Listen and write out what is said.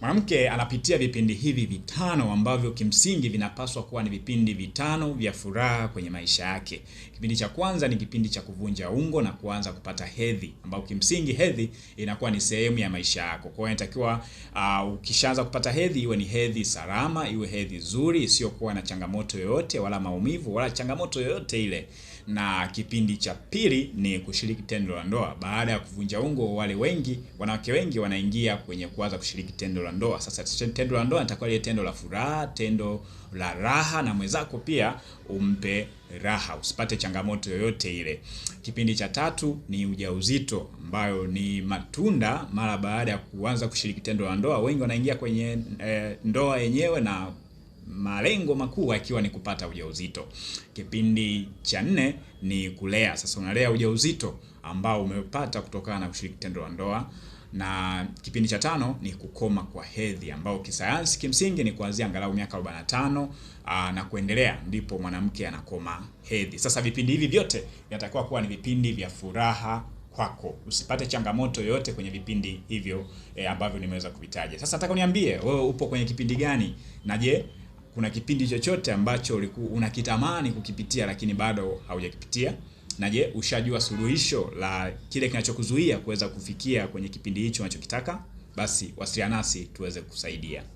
Mwanamke anapitia vipindi hivi vitano ambavyo kimsingi vinapaswa kuwa ni vipindi vitano vya furaha kwenye maisha yake. Kipindi cha kwanza ni kipindi cha kuvunja ungo na kuanza kupata hedhi, ambao kimsingi hedhi inakuwa ni sehemu ya maisha yako. Kwa hiyo inatakiwa uh, ukishaanza kupata hedhi iwe ni hedhi salama, iwe hedhi nzuri isiyokuwa na changamoto yoyote wala maumivu wala changamoto yoyote ile. Na kipindi cha pili ni kushiriki tendo la ndoa. Baada ya kuvunja ungo, wale wengi wanawake wengi wanaingia kwenye kuanza kushiriki tendo la ndoa. Sasa tendo la ndoa litakuwa ile tendo la furaha, tendo la raha, na mwenzako pia umpe raha, usipate changamoto yoyote ile. Kipindi cha tatu ni ujauzito, ambayo ni matunda mara baada ya kuanza kushiriki tendo la ndoa. Wengi wanaingia kwenye e, ndoa yenyewe na malengo makuu akiwa ni kupata ujauzito. Kipindi cha nne ni kulea. Sasa unalea ujauzito ambao umepata kutokana na kushiriki tendo la ndoa na kipindi cha tano ni kukoma kwa hedhi ambao kisayansi kimsingi ni kuanzia angalau miaka 45 ah, na kuendelea ndipo mwanamke anakoma hedhi. Sasa vipindi hivi vyote vinatakiwa kuwa ni vipindi vya furaha kwako, usipate changamoto yoyote kwenye vipindi hivyo e, ambavyo nimeweza kuvitaja. Sasa nataka uniambie wewe upo kwenye kipindi gani, na je kuna kipindi chochote ambacho ulikuwa unakitamani kukipitia lakini bado haujakipitia? na je, ushajua suluhisho la kile kinachokuzuia kuweza kufikia kwenye kipindi hicho unachokitaka? Basi wasiliana nasi tuweze kusaidia